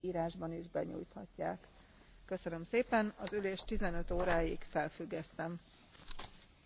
írásban is benyújthatják. köszönöm szépen az ülést fifteen óráig felfüggesztem.